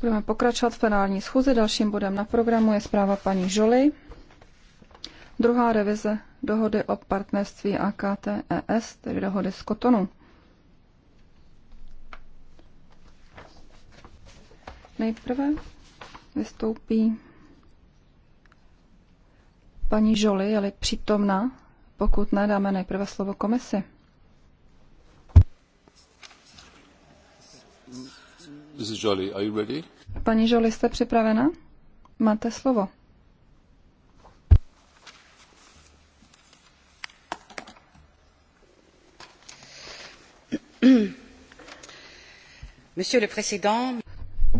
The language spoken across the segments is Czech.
Budeme pokračovat v plenární schůzi. Dalším bodem na programu je zpráva paní Žoly. Druhá revize dohody o partnerství AKTES, tedy dohody z Kotonu. Nejprve vystoupí paní Žoly, je-li přítomna. Pokud ne, dáme nejprve slovo komisi. Paní Jolie, jste připravena? Máte slovo.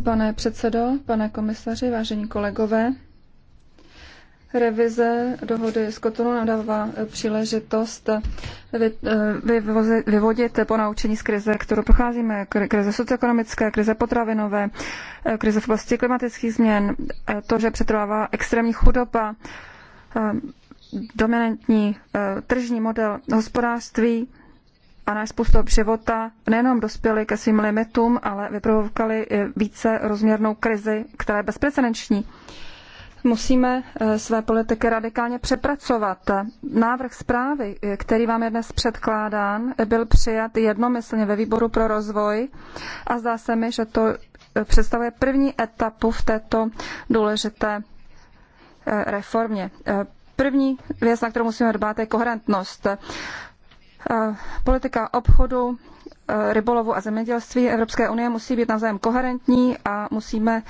Pane předsedo, pane komisaři, vážení kolegové, Revize dohody z Kotonu nadává eh, příležitost eh, eh, vyvodit po naučení z krize, kterou procházíme, krize socioekonomické, krize potravinové, krize v oblasti klimatických změn, to, že přetrvává extrémní chudoba, dominantní tržní model hospodářství a náš způsob života nejenom dospěli ke svým limitům, ale vyprovokali více rozměrnou krizi, která je bezprecedenční musíme eh, své politiky radikálně přepracovat. Návrh zprávy, eh, který vám je dnes předkládán, byl přijat jednomyslně ve výboru pro rozvoj a zdá se mi, že to eh, představuje první etapu v této důležité reformě. První věc, na kterou musíme dbát, je koherentnost. Politika obchodu, rybolovu a zemědělství Evropské unie musí být navzájem koherentní a musíme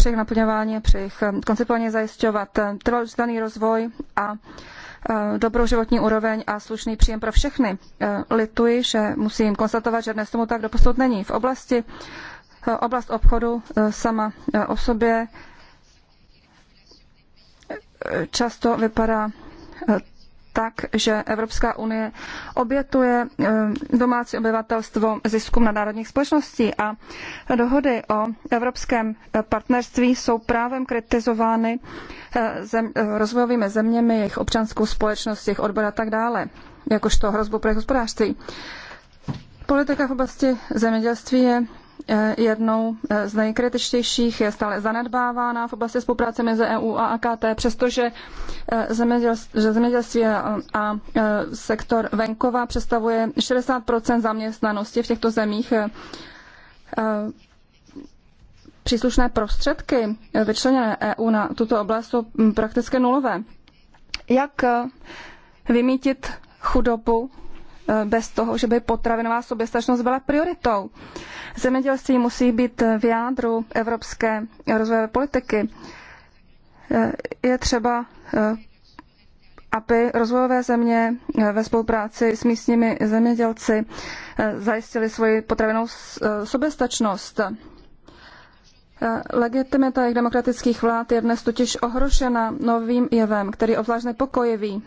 při jejich naplňování, při jejich eh, konceptuálně zajišťovat eh, trvalý rozvoj a eh, dobrou životní úroveň a slušný příjem pro všechny. Lituji, že musím konstatovat, že dnes tomu tak doposud není. V oblasti oblast obchodu sama o sobě často vypadá tak, že Evropská unie obětuje eh, domácí obyvatelstvo ziskům nadnárodních společností a dohody o evropském eh, partnerství jsou právem kritizovány eh, zem, rozvojovými zeměmi, jejich občanskou společností, jejich odbor a tak dále, jakožto hrozbu pro hospodářství. Politika v oblasti zemědělství je Eh, jednou eh, z nejkritičtějších, je stále zanedbávána v oblasti spolupráce mezi EU a AKT, přestože eh, zemědělství a sektor venkova představuje 60 zaměstnanosti v těchto zemích. Příslušné prostředky vyčleněné EU na tuto oblast jsou hm, prakticky nulové. Jak vymítit chudobu Eh, bez toho, že by potravinová soběstačnost byla prioritou. Zemědělství musí být v jádru evropské rozvojové politiky. Eh, je třeba eh, aby rozvojové země ve spolupráci s místními zemědělci zajistili svoji potravinovou soběstačnost. Legitimita jejich demokratických vlád je dnes totiž ohrožena novým jevem, který je obzvlášť nepokojivý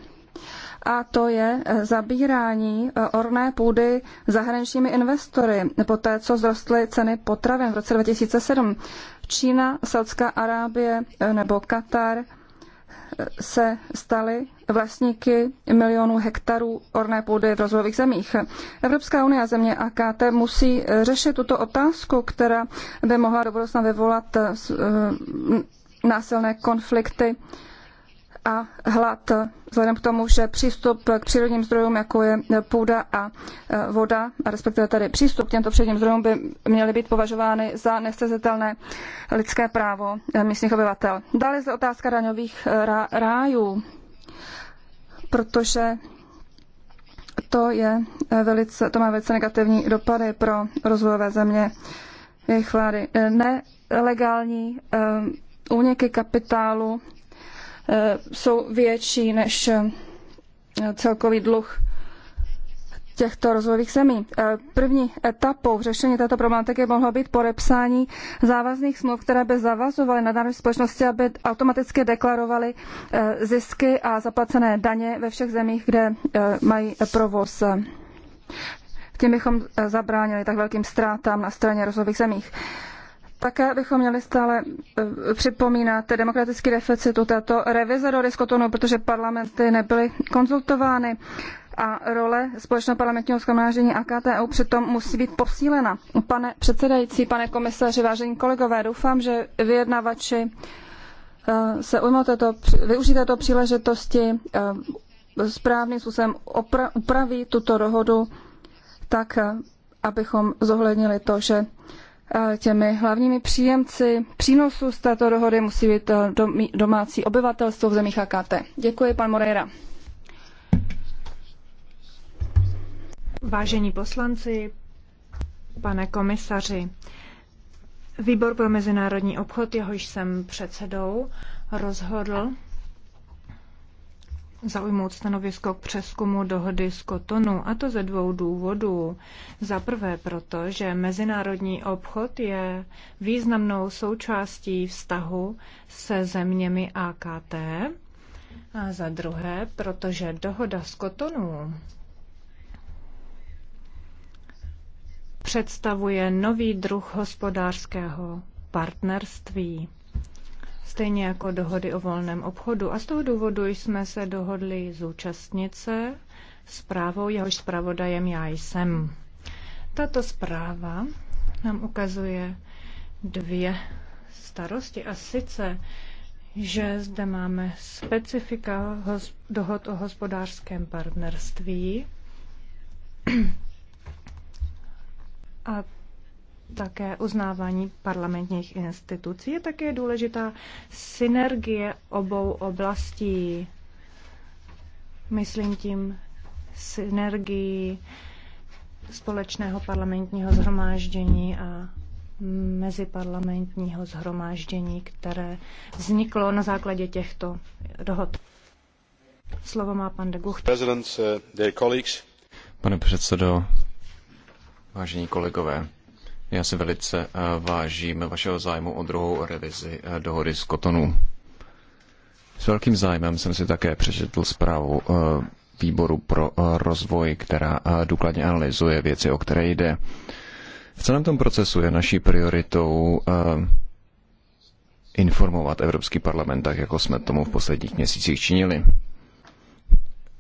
a to je eh, zabírání eh, orné půdy zahraničními investory, poté co zrostly ceny potravin v roce 2007. Čína, Saudská Arábie eh, nebo Katar se staly vlastníky milionů hektarů orné půdy v rozvojových zemích. Evropská unie a země AKT musí řešit tuto otázku, která by mohla do budoucna vyvolat násilné konflikty a hlad, vzhledem k tomu, že přístup k přírodním zdrojům, jako je půda a e, voda, a respektive tady přístup k těmto přírodním zdrojům, by měly být považovány za nestezitelné lidské právo e, místních obyvatel. Dále je zde otázka daňových e, rájů, protože to, je velice, to má velice negativní dopady pro rozvojové země jejich vlády. Nelegální úniky kapitálu Eh, jsou větší než eh, celkový dluh těchto rozvojových zemí. Eh, první etapou řešení této problematiky mohlo být podepsání závazných smluv, které by zavazovaly nadnárodní společnosti, aby automaticky deklarovaly zisky a zaplacené daně ve všech zemích, kde mají provoz. Tím bychom zabránili tak velkým ztrátám na straně rozvojových zemích. Také bychom měli stále eh, připomínat demokratický deficit u této revize do diskotonu, protože parlamenty nebyly konzultovány a role společného parlamentního schromáždění KTU přitom musí být posílena. Pane předsedající, pane komisaři, vážení kolegové, doufám, že vyjednavači eh, se ujmou této, využijí této příležitosti, eh, správným způsobem opra, upraví tuto dohodu tak, abychom zohlednili to, že těmi hlavními příjemci přínosů z této dohody musí být eh, domácí obyvatelstvo v zemích AKT. Děkuji, pan Moreira. Vážení poslanci, pane komisaři, Výbor pro mezinárodní obchod, jehož jsem předsedou, rozhodl, zaujmout stanovisko k přeskumu dohody z Kotonu, a to ze dvou důvodů. Za prvé proto, že mezinárodní obchod je významnou součástí vztahu se zeměmi AKT, a za druhé, protože dohoda z Kotonu představuje nový druh hospodářského partnerství stejně jako dohody o volném obchodu. A z toho důvodu jsme se dohodli zúčastnit se zprávou, jehož zpravodajem já jsem. Tato zpráva nám ukazuje dvě starosti a sice, že zde máme specifika dohod o hospodářském partnerství a také uznávání parlamentních institucí. Je také důležitá synergie obou oblastí. Myslím tím synergii společného parlamentního zhromáždění a meziparlamentního zhromáždění, které vzniklo na základě těchto dohod. Slovo má pan de Gucht. Uh, Pane předsedo, vážení kolegové, já si velice eh, vážím vašeho zájmu o druhou revizi eh, dohody z Kotonu. S velkým zájmem jsem si také přečetl zprávu eh, výboru pro rozvoj, která důkladně analyzuje věci, o které jde. V celém tom procesu je naší prioritou informovat Evropský parlament tak, jako jsme tomu v posledních měsících činili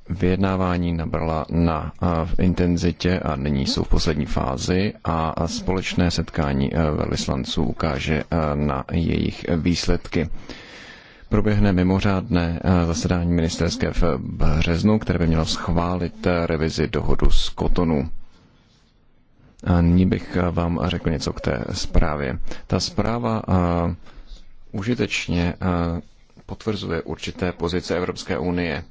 vyjednávání nabrala na intenzitě a nyní jsou v poslední fázi a společné setkání e, velvyslanců ukáže e, na jejich výsledky. Proběhne mimořádné e, zasedání ministerské v březnu, které by mělo schválit revizi dohodu z Kotonu. A nyní bych vám řekl něco k té zprávě. Ta zpráva užitečně potvrzuje určité pozice Evropské unie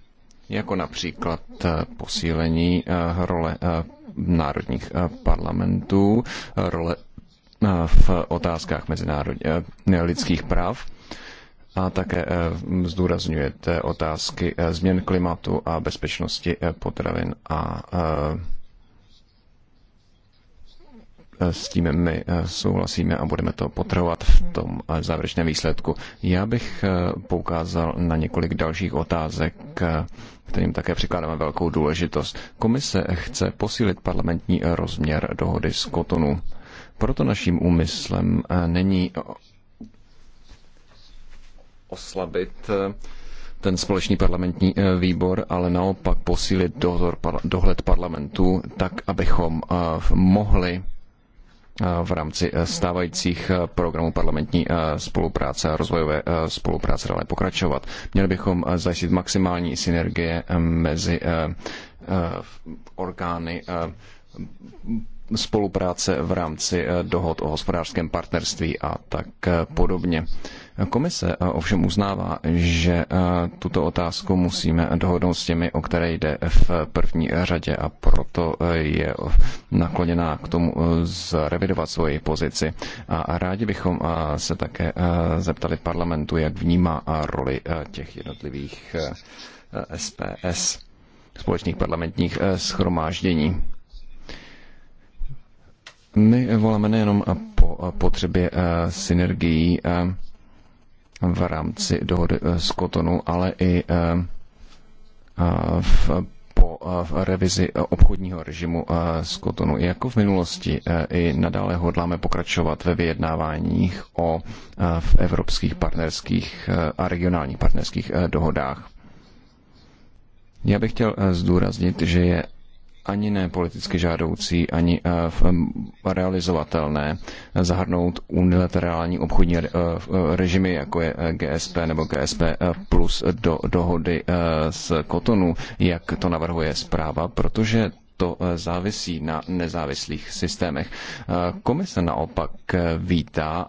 jako například eh, posílení eh, role eh, národních parlamentů, role v otázkách mezinárodně lidských práv a také zdůrazňujete otázky změn klimatu a bezpečnosti potravin a Eh, s tím my eh, souhlasíme a budeme to potrhovat v mhm. tom eh, závěrečném výsledku. Já bych poukázal na několik dalších otázek, kterým také přikládáme velkou důležitost. Komise chce posílit parlamentní rozměr dohody z Kotonu. Proto naším úmyslem není oslabit ten společný parlamentní výbor, ale naopak posílit dohled parlamentu tak, abychom mohli Eh, v rámci eh, stávajících eh, programů parlamentní spolupráce a rozvojové spolupráce dále pokračovat. Měli bychom zajistit maximální synergie mezi orgány spolupráce v rámci eh, dohod o hospodářském partnerství a tak eh, podobně. Komise eh, ovšem uznává, že tuto otázku musíme dohodnout s těmi, o které jde v první řadě a proto je nakloněná k tomu zrevidovat svoji pozici. A rádi bychom se také zeptali parlamentu, jak vnímá roli těch jednotlivých SPS, společných parlamentních schromáždění. My voláme nejenom po potřebě eh, synergií eh, v rámci dohody eh, z Kotonu, ale i v, po revizi obchodního režimu z Kotonu. Jako v minulosti i nadále hodláme pokračovat ve vyjednáváních o v evropských partnerských a regionálních partnerských dohodách. Já bych chtěl zdůraznit, že je ani ne politicky žádoucí, ani eh, realizovatelné zahrnout unilaterální obchodní eh, eh, režimy, jako je GSP nebo GSP plus do dohody z kotonu, jak to navrhuje zpráva, protože to závisí na nezávislých systémech. Komise naopak vítá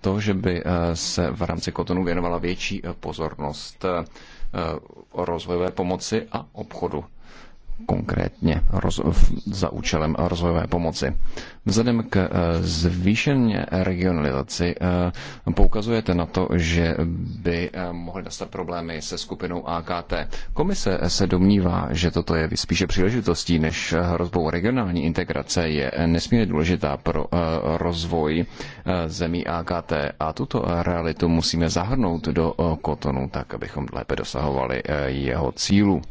to, že by se v rámci kotonu věnovala větší pozornost rozvojové pomoci a obchodu konkrétně za účelem rozvojové pomoci. Vzhledem k eh, zvýšené regionalizaci eh, poukazujete na to, že by eh, mohly nastat problémy se skupinou AKT. Komise se domnívá, že toto je spíše příležitostí než hrozbou regionální integrace je nesmírně důležitá pro rozvoj zemí AKT a tuto realitu musíme zahrnout do kotonu tak, abychom lépe dosahovali jeho cílu.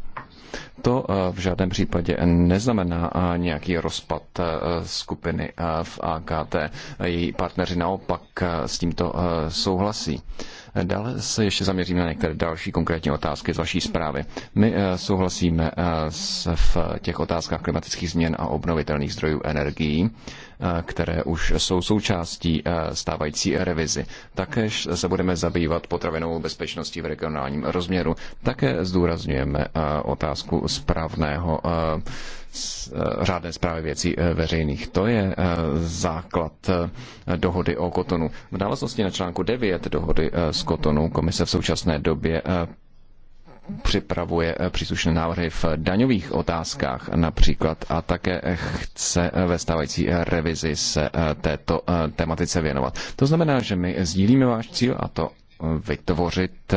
To eh, v žádném případě neznamená eh, nějaký rozpad eh, skupiny v AKT. Její partneři naopak s tímto souhlasí. Dále se ještě zaměříme na některé další konkrétní otázky z vaší zprávy. My souhlasíme v těch otázkách klimatických změn a obnovitelných zdrojů energií Eh, které už jsou součástí eh, stávající revizi. Také se budeme zabývat potravinovou bezpečností v regionálním rozměru. Také zdůrazňujeme eh, otázku správného řádné zprávy věcí veřejných. To je základ dohody o kotonu. V návaznosti na článku 9 dohody z kotonu komise v současné době připravuje eh, příslušné návrhy v daňových otázkách například a také eh, chce eh, ve stávající revizi se této tematice věnovat. To znamená, že my sdílíme váš cíl a to vytvořit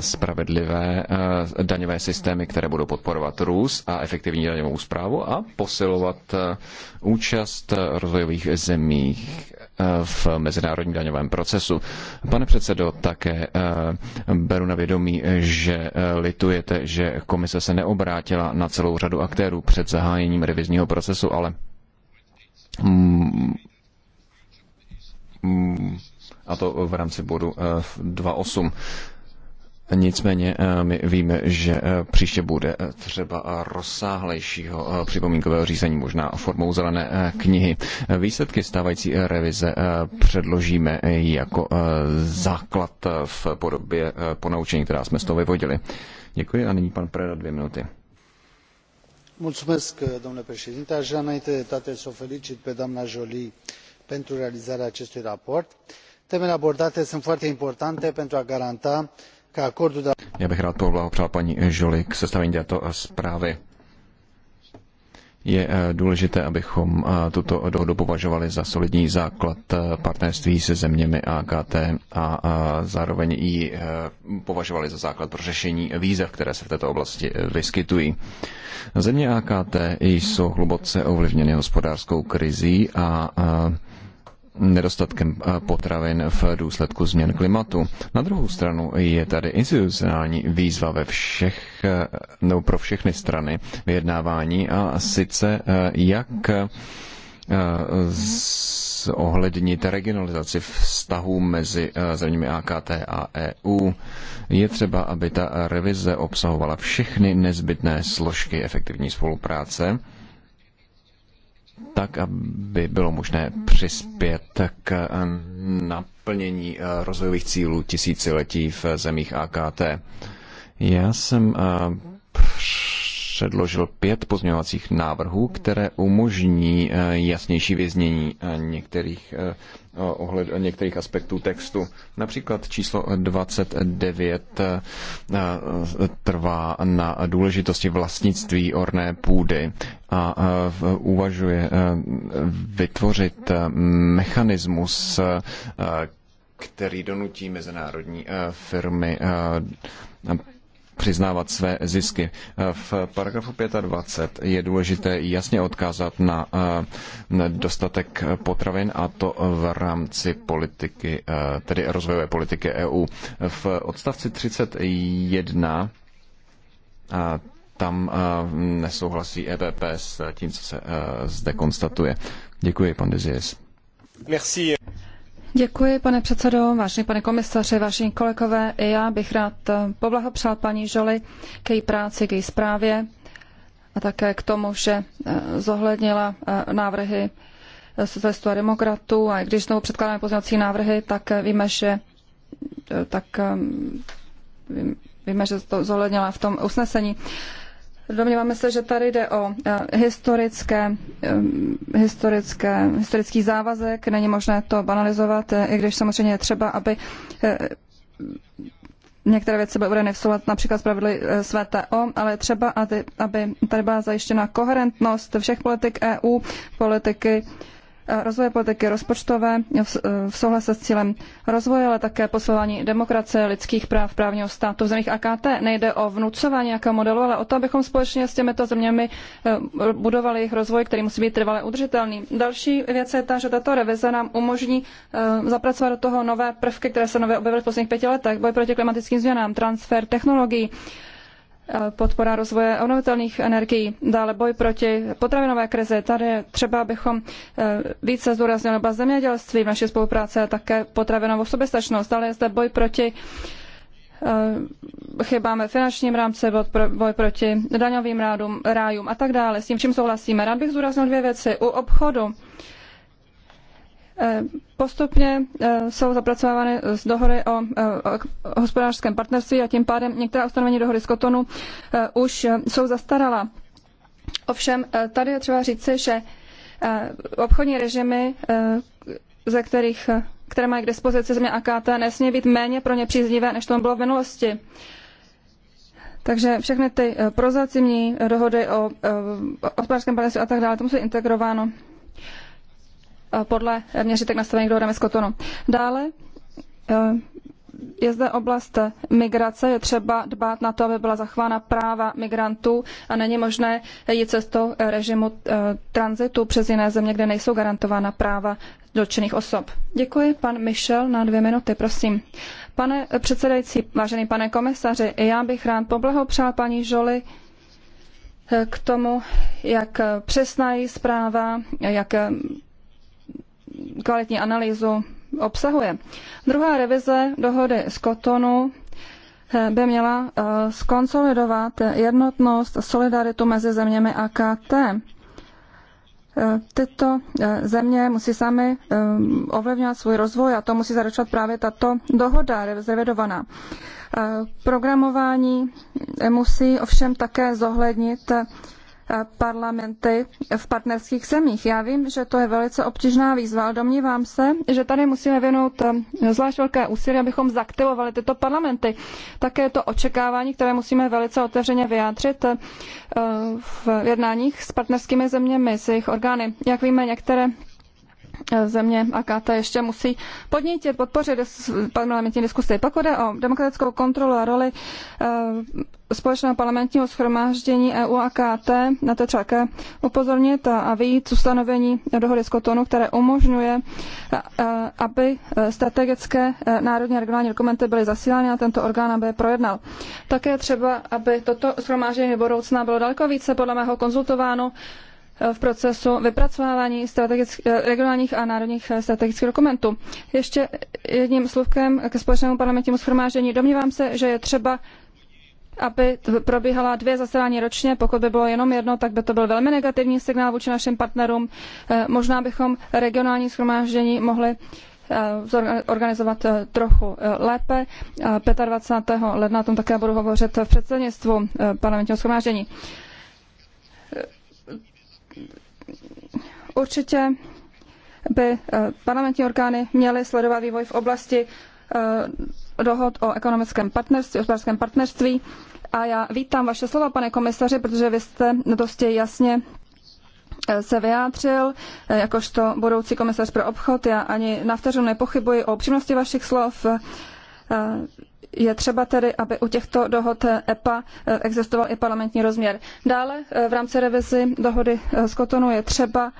spravedlivé daňové systémy, které budou podporovat růst a efektivní daňovou zprávu a posilovat účast rozvojových zemích Eh, v mezinárodním daňovém procesu. Pane předsedo, také eh, beru na vědomí, že eh, litujete, že komise se neobrátila na celou řadu aktérů před zahájením revizního procesu, ale mm, mm, a to v rámci bodu 2.8. Nicméně eh, my víme, že eh, příště bude eh, třeba rozsáhlejšího připomínkového řízení, možná formou zelené knihy. Výsledky stávající revize předložíme jako základ v podobě ponaučení, která jsme z toho vyvodili. Děkuji a nyní pan Preda dvě minuty. Mulțumesc, domnule președinte. Aș vrea înainte de toate să o felicit pe doamna Jolie pentru realizarea acestui raport. Temele abordate sunt foarte importante pentru a garanta já bych rád poblahopřál paní Žoli k sestavení této zprávy. Je eh, důležité, abychom eh, tuto dohodu považovali za solidní základ eh, partnerství se zeměmi AKT a zároveň ji považovali za základ pro řešení výzev, které se v této oblasti vyskytují. Země AKT jsou hluboce ovlivněny hospodářskou krizí a nedostatkem eh, potravin v důsledku změn klimatu. Na druhou stranu je tady institucionální výzva ve všech, eh, nebo pro všechny strany vyjednávání a sice eh, jak ohlednit regionalizaci vztahů mezi zeměmi AKT a EU. Je třeba, aby ta revize obsahovala všechny nezbytné složky efektivní spolupráce tak, aby bylo možné přispět k naplnění eh, rozvojových cílů tisíciletí v zemích AKT. Já jsem eh, předložil pět pozměňovacích návrhů, které umožní eh, jasnější vyznění některých ohled některých aspektů textu. Například číslo 29 e, e, trvá na důležitosti vlastnictví orné půdy a e, uvažuje vytvořit mechanismus, který donutí mezinárodní firmy přiznávat své zisky. Eh, v paragrafu 25 je důležité jasně odkázat eh, na dostatek potravin a to v rámci politiky, eh, tedy rozvojové politiky EU. V odstavci 31 tam nesouhlasí EPP s tím, co se zde konstatuje. Děkuji, pan Dezies. Merci. Děkuji, pane předsedo, vážený pane komisaři, vážení kolegové. I já bych rád poblahopřál paní Žoli k její práci, k její zprávě a také k tomu, že eh, zohlednila eh, návrhy eh, socialistů a demokratů a když znovu předkládáme pozměňovací návrhy, tak víme, že tak ehm, víme, že to zohlednila v tom usnesení. Domníváme se, že tady jde o eh, historické, eh, historické, historický závazek, není možné to banalizovat, eh, i když samozřejmě je třeba, aby některé věci byly uvedeny v soulad například s pravidly SVTO, ale třeba, aby tady byla zajištěna koherentnost všech politik EU, politiky Eh, rozvoje politiky rozpočtové eh, v souhlase s cílem rozvoje, ale také posilování demokracie, lidských práv, právního státu v zemích AKT. Nejde o vnucování nějakého modelu, ale o to, abychom společně s těmito zeměmi eh, budovali jejich rozvoj, který musí být trvale udržitelný. Další věc je ta, že tato revize nám umožní zapracovat do toho nové prvky, které se nově objevily v posledních pěti letech. Boj proti klimatickým změnám, transfer technologií, podpora rozvoje obnovitelných energií, dále boj proti potravinové krizi. Tady třeba, abychom e, více zdůraznili oblast zemědělství v naší spolupráci a také potravinovou soběstačnost. Dále je zde boj proti e, chybám ve finančním rámci, boj proti daňovým rádům, rájům a tak dále. S tím, čím souhlasíme. Rád bych zdůraznil dvě věci. U obchodu Eh, postupně eh, jsou zapracovávány z dohody eh, o hospodářském partnerství a tím pádem některá ustanovení dohody z Kotonu už jsou zastarala. Ovšem, tady je třeba říci, že obchodní režimy, ze kterých, které mají k dispozici země AKT, nesmí být méně pro ně příznivé, než to bylo v minulosti. Takže všechny ty prozacimní dohody o hospodářském partnerství a tak dále, to musí integrováno Eh, podle měřitek nastavených dohodem z Kotonu. Dále eh, je zde oblast migrace, je třeba dbát na to, aby byla zachována práva migrantů a není možné jít cestou eh, režimu tranzitu přes jiné země, kde nejsou garantována práva dotčených osob. Děkuji, pan Michel, na dvě minuty, prosím. Pane předsedající, vážený pane komisaři, já bych rád poblahopřál paní Žoli k tomu, jak přesná je zpráva, jak kvalitní analýzu obsahuje. Druhá revize dohody z Kotonu eh, by měla eh, skonsolidovat jednotnost, solidaritu mezi zeměmi AKT. Eh, tyto země musí sami ovlivňovat svůj rozvoj a to musí zaručovat právě tato dohoda revidovaná. Programování musí ovšem také zohlednit E, parlamenty v partnerských zemích. Já vím, že to je velice obtížná výzva, ale domnívám se, že tady musíme věnout e, zvlášť velké úsilí, abychom zaktivovali tyto parlamenty. Také je to očekávání, které musíme velice otevřeně vyjádřit e, v jednáních s partnerskými zeměmi, s jejich orgány. Jak víme, některé země AKT ještě musí podnítit, podpořit parlamentní diskusy. Pokud jde o demokratickou kontrolu a roli eh, společného parlamentního schromáždění EU a KT, na to třeba upozornit a vyjít ustanovení dohody z Kotonu, které umožňuje, eh, eh, aby strategické národní a regionální dokumenty byly zasílány na tento orgán, aby je projednal. Také třeba, aby toto schromáždění do budoucna bylo daleko více podle mého konzultováno v procesu vypracovávání eh, regionálních a národních eh, strategických dokumentů. Ještě jedním slovkem ke společnému parlamentnímu schromáždění. Domnívám se, že je třeba aby probíhala dvě zasedání ročně. Pokud by bylo jenom jedno, tak by to byl velmi negativní signál vůči našim partnerům. Eh, možná bychom regionální schromáždění mohli organizovat trochu lépe. 25. ledna o tom také budu hovořit v předsednictvu parlamentního schromáždění. Určitě by eh, parlamentní orgány měly sledovat vývoj v oblasti eh, dohod o ekonomickém partnerství, o hospodářském partnerství. A já vítám vaše slova, pane komisaři, protože vy jste dosti jasně eh, se vyjádřil, jakožto budoucí komisař pro obchod. Já ani na vteřinu nepochybuji o upřímnosti vašich slov. Je třeba tedy, aby u těchto dohod EPA existoval i parlamentní rozměr. Dále v rámci revizi dohody z Kotonu je třeba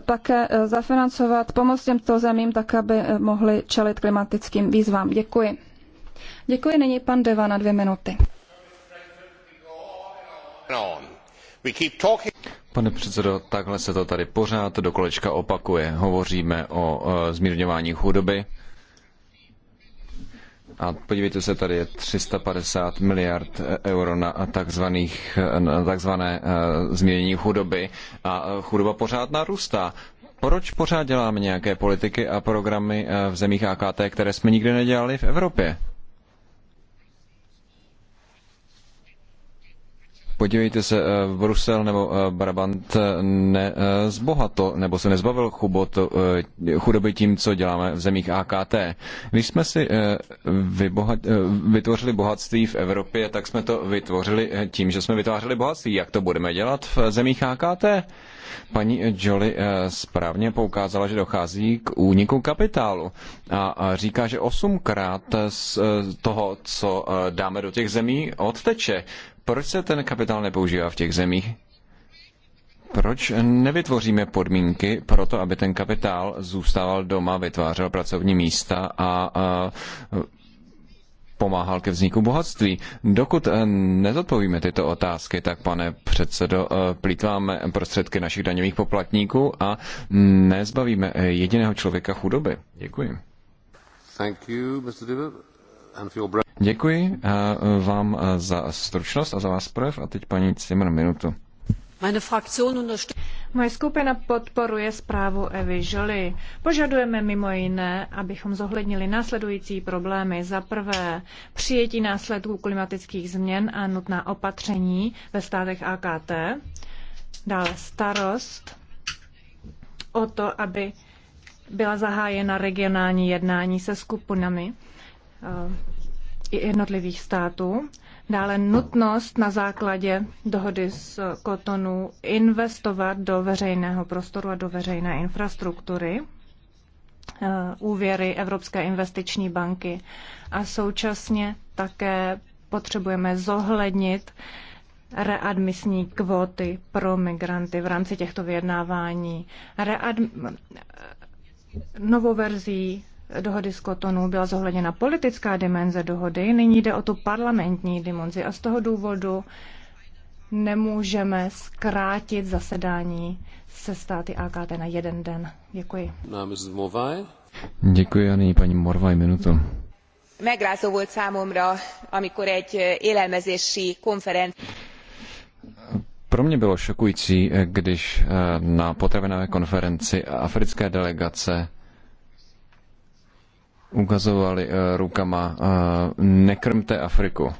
také eh, zafinancovat pomoc těmto zemím, tak aby eh, mohli čelit klimatickým výzvám. Děkuji. Děkuji nyní pan Deva na dvě minuty. Pane předsedo, takhle se to tady pořád do kolečka opakuje. Hovoříme o eh, zmírňování chudoby a podívejte se, tady je 350 miliard eh, euro na, takzvaných, eh, na takzvané eh, změnění chudoby a chudoba pořád narůstá. Proč pořád děláme nějaké politiky a programy v zemích AKT, které jsme nikdy nedělali v Evropě? Podívejte se, eh, Brusel nebo eh, Brabant eh, nezbohato nebo se nezbavil chubot, chudoby tím, co děláme v zemích AKT. Když jsme si vybohat, vytvořili bohatství v Evropě, tak jsme to vytvořili tím, že jsme vytvářeli bohatství. Jak to budeme dělat v zemích AKT? Paní Jolly správně poukázala, že dochází k úniku kapitálu a říká, že osmkrát z toho, co dáme do těch zemí, odteče. Proč se ten kapitál nepoužívá v těch zemích? Proč nevytvoříme podmínky pro to, aby ten kapitál zůstával doma, vytvářel pracovní místa a, a pomáhal ke vzniku bohatství. Dokud eh, nezodpovíme tyto otázky, tak pane předsedo, eh, plítváme prostředky našich daňových poplatníků a nezbavíme eh, jediného člověka chudoby. Děkuji. Thank you, Mr. Děkuji e, vám e, za stručnost a za vás projev a teď paní Cimr minutu. Moje skupina podporuje zprávu Evy Joly. Požadujeme mimo jiné, abychom zohlednili následující problémy. Za prvé, přijetí následků klimatických změn a nutná opatření ve státech AKT. Dále starost o to, aby byla zahájena regionální jednání se skupinami Eh, i jednotlivých států. Dále nutnost na základě dohody z kotonu investovat do veřejného prostoru a do veřejné infrastruktury, eh, úvěry Evropské investiční banky a současně také potřebujeme zohlednit readmisní kvóty pro migranty v rámci těchto vyjednávání. readm Novou verzí dohody z Kotonu byla zohledněna politická dimenze dohody, nyní jde o tu parlamentní dimenzi a z toho důvodu nemůžeme zkrátit zasedání se státy AKT na jeden den. Děkuji. Děkuji a nyní paní Morvaj minutu. Megrázó volt számomra, amikor egy élelmezési konferencia pro mě bylo šokující, eh, když eh, na potravinové konferenci africké delegace ukazovali eh, rukama, eh, nekrmte Afriku.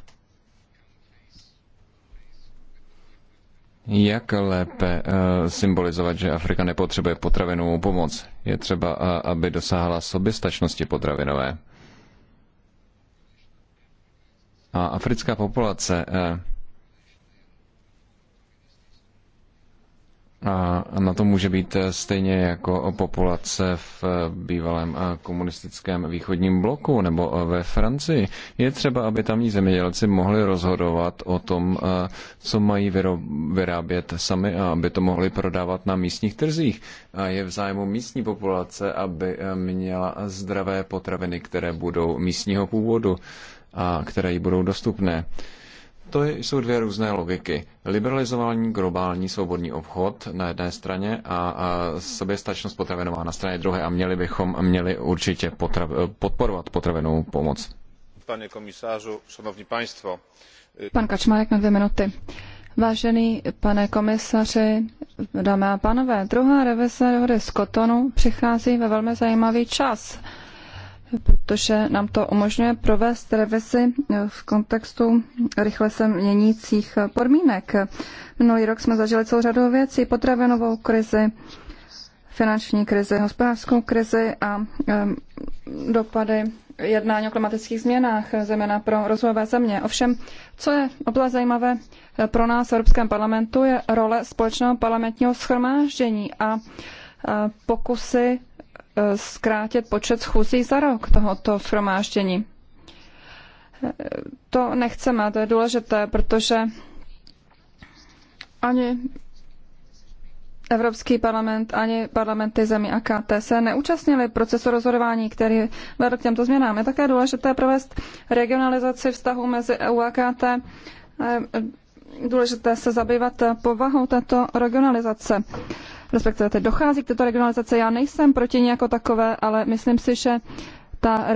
Jak lépe eh, symbolizovat, že Afrika nepotřebuje potravinovou pomoc? Je třeba, aby dosáhla soběstačnosti potravinové. A africká populace A na to může být eh, stejně jako populace v eh, bývalém eh, komunistickém východním bloku nebo ve Francii. Je třeba, aby tamní zemědělci mohli rozhodovat o tom, co mají vyrábět sami a aby to mohli prodávat na místních trzích. A je v zájmu místní populace, aby měla zdravé potraviny, které budou místního původu a které jí budou dostupné. To jsou dvě různé logiky. Liberalizování globální svobodní obchod na jedné straně a, a soběstačnost potravinová na straně druhé a měli bychom měli určitě potra, podporovat potravinovou pomoc. Pane komisářu, šanovní państwo. Pan Kačmarek na dvě minuty. Vážený pane komisaři, dámy a pánové, druhá revize dohody z Kotonu přichází ve velmi zajímavý čas protože nám to umožňuje provést revizi eh, v kontextu rychle se měnících eh, podmínek. Minulý rok jsme zažili celou řadu věcí, potravinovou krizi, finanční krizi, hospodářskou krizi a eh, dopady jednání o klimatických změnách, zejména pro rozvojové země. Ovšem, co je oblast zajímavé pro nás v Evropském parlamentu, je role společného parlamentního schromáždění a pokusy Eh, zkrátit počet schůzí za rok tohoto shromáždění. Eh, to nechceme, to je důležité, protože ani Evropský parlament ani parlamenty zemí AKT se neúčastnili procesu rozhodování, který vedl k těmto změnám. Je také důležité provést regionalizaci vztahu mezi EU a AKT. Eh, důležité se zabývat povahou této regionalizace respektive teď dochází k této regionalizaci. Já nejsem proti ní jako takové, ale myslím si, že ta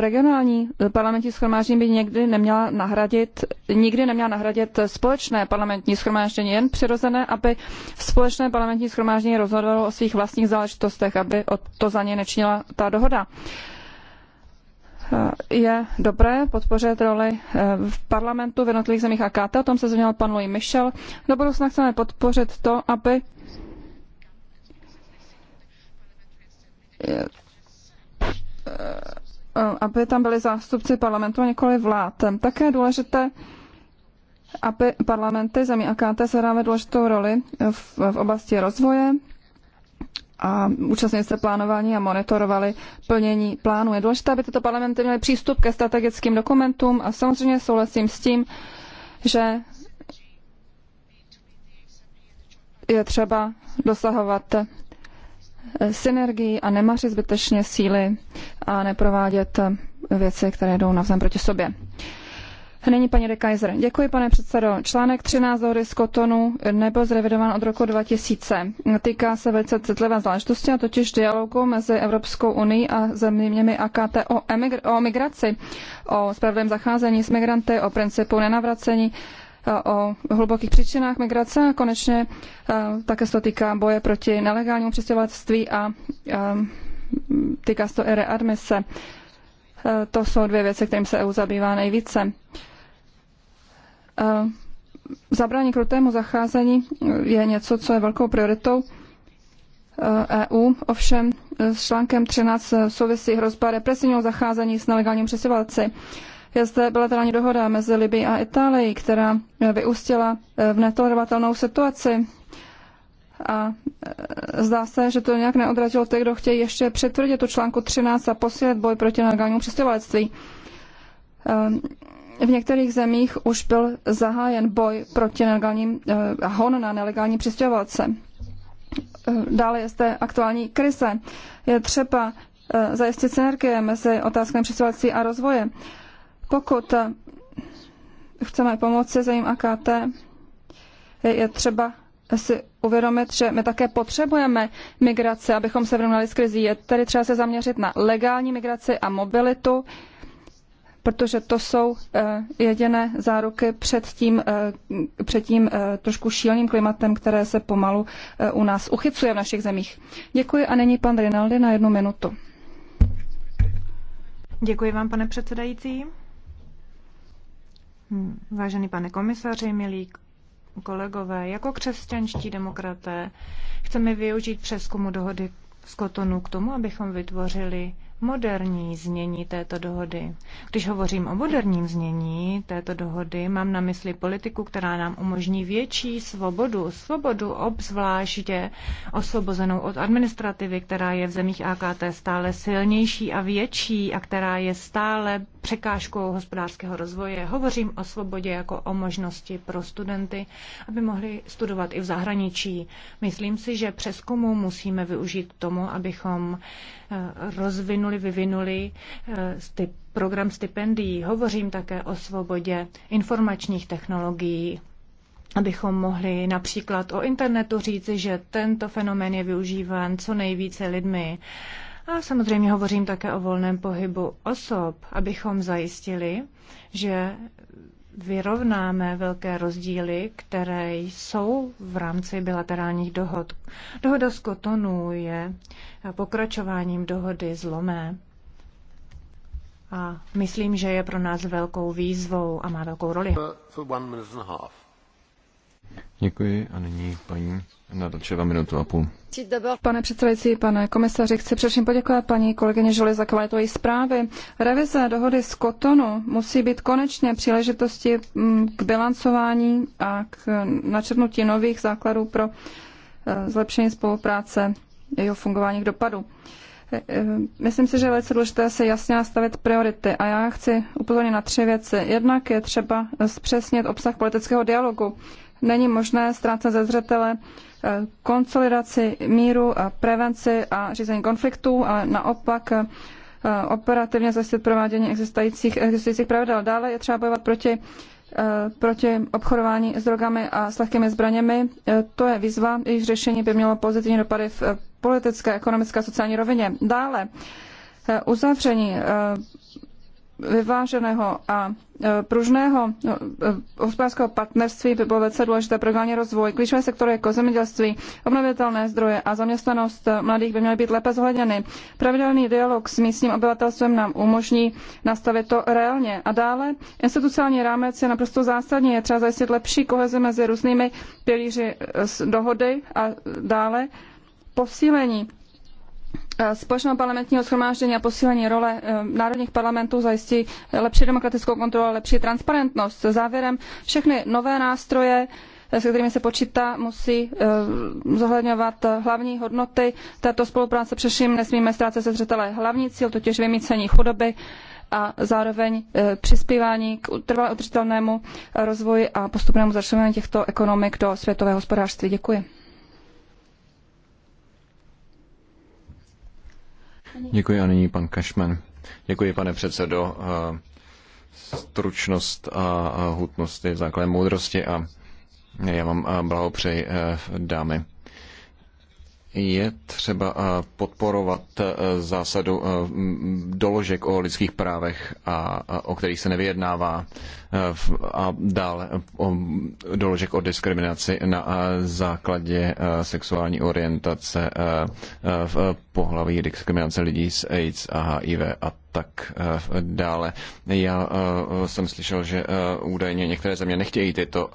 regionální parlamentní schromáždění by někdy neměla nahradit, nikdy neměla nahradit společné parlamentní schromáždění, jen přirozené, aby společné parlamentní schromáždění rozhodovalo o svých vlastních záležitostech, aby to za ně nečinila ta dohoda. Je dobré podpořit roli eh, v parlamentu v jednotlivých zemích AKT, o tom se zmínil pan Louis Michel. Do budoucna chceme podpořit to, aby Eh, aby tam byli zástupci parlamentu a nikoli vlád. Také je důležité, aby parlamenty zemí AKT sehrávaly důležitou roli v, v oblasti rozvoje a účastnili se plánování a monitorovali plnění plánu. Je důležité, aby tyto parlamenty měly přístup ke strategickým dokumentům a samozřejmě souhlasím s tím, že je třeba dosahovat synergii a nemařit zbytečně síly a neprovádět věci, které jdou navzájem proti sobě. Nyní paní de Kaiser. Děkuji, pane předsedo. Článek 13 dohody z Kotonu nebyl zrevidován od roku 2000. Týká se velice citlivé záležitosti, a totiž dialogu mezi Evropskou unii a zeměmi AKT o, emigr- o migraci, o spravedlivém zacházení s migranty, o principu nenavracení o hlubokých příčinách migrace a konečně také se to týká boje proti nelegálnímu přistěhovalectví a týká se to i readmise. To jsou dvě věci, kterým se EU zabývá nejvíce. Zabrání krutému zacházení je něco, co je velkou prioritou EU, ovšem s článkem 13 souvisí hrozba represivního zacházení s nelegálním přesěvalci. Je zde bilaterální dohoda mezi Libí a Itálií, která vyústila eh, v netolerovatelnou situaci. A eh, zdá se, že to nějak neodradilo ty, kdo chtějí ještě přetvrdit tu článku 13 a posílit boj proti nelegálnímu přistěhovalectví. Eh, v některých zemích už byl zahájen boj proti nelegálním, hon na nelegální přistěhovalce. Dále je zde aktuální krize. Je třeba zajistit synergie mezi otázkami přistěhovalectví a rozvoje. Pokud chceme pomoci jim AKT, je třeba si uvědomit, že my také potřebujeme migraci, abychom se vyrovnali s krizí. Je tedy třeba se zaměřit na legální migraci a mobilitu, protože to jsou eh, jediné záruky před tím, eh, před tím eh, trošku šíleným klimatem, které se pomalu u nás uchycuje v našich zemích. Děkuji a není pan Rinaldi na jednu minutu. Děkuji vám, pane předsedající. Vážený pane komisaři, milí kolegové, jako křesťanští demokraté chceme využít přeskumu dohody z Kotonu k tomu, abychom vytvořili moderní znění této dohody. Když hovořím o moderním znění této dohody, mám na mysli politiku, která nám umožní větší svobodu, svobodu obzvláště osvobozenou od administrativy, která je v zemích AKT stále silnější a větší a která je stále překážkou hospodářského rozvoje. Hovořím o svobodě jako o možnosti pro studenty, aby mohli studovat i v zahraničí. Myslím si, že přeskumu musíme využít tomu, abychom eh, rozvinuli rozvinuli, vyvinuli eh, ty program stipendií. Hovořím také o svobodě informačních technologií abychom mohli například o internetu říci, že tento fenomén je využíván co nejvíce lidmi. A samozřejmě hovořím také o volném pohybu osob, abychom zajistili, že vyrovnáme velké rozdíly, které jsou v rámci bilaterálních dohod. Dohoda z Kotonu je pokračováním dohody z Lomé. A myslím, že je pro nás velkou výzvou a má velkou roli. Děkuji a nyní paní na minutu a půl. Pane předsedající, pane komisaři, chci především poděkovat paní kolegyně Žoli za kvalitu její zprávy. Revize dohody z Kotonu musí být konečně příležitosti mm, k bilancování a k načrtnutí nových základů pro e, zlepšení spolupráce jeho fungování k dopadu. E, e, myslím si, že je velice důležité se jasně nastavit priority a já chci upozornit na tři věci. Jednak je třeba zpřesnit obsah politického dialogu není možné ztrácet ze zřetele eh, konsolidaci míru, a prevenci a řízení konfliktů, ale naopak eh, operativně zajistit provádění existujících, existujících pravidel. Dále je třeba bojovat proti eh, proti obchodování s drogami a s lehkými zbraněmi. To je výzva, jejich řešení by mělo pozitivní dopady v politické, ekonomické a sociální rovině. Dále uzavření vyváženého a e, pružného e, e, hospodářského partnerství by bylo velice důležité pro globální rozvoj. Klíčové sektory jako zemědělství, obnovitelné zdroje a zaměstnanost mladých by měly být lépe zohledněny. Pravidelný dialog s místním obyvatelstvem nám umožní nastavit to reálně. A dále institucionální rámec je naprosto zásadní. Je třeba zajistit lepší kohezi mezi různými pilíři dohody a dále posílení společného parlamentního schromáždění a posílení role eh, národních parlamentů zajistí lepší demokratickou kontrolu a lepší transparentnost. Závěrem všechny nové nástroje, eh, se kterými se počítá, musí eh, zohledňovat hlavní hodnoty této spolupráce. Především nesmíme ztrácet se zřetele hlavní cíl, totiž vymícení chudoby a zároveň přispívání k trvale udržitelnému rozvoji a postupnému začlenění těchto ekonomik do světového hospodářství. Děkuji. Děkuji a nyní pan Kašman. Děkuji, pane předsedo. Stručnost a hutnost je základem moudrosti a já vám blahopřeji dámy je třeba eh, podporovat eh, zásadu eh, doložek o lidských právech, a, o kterých se nevyjednává, a dále doložek o diskriminaci na základě sexuální orientace, v pohlaví, diskriminace lidí s AIDS a HIV a tak dále. Já jsem slyšel, že údajně některé země nechtějí tyto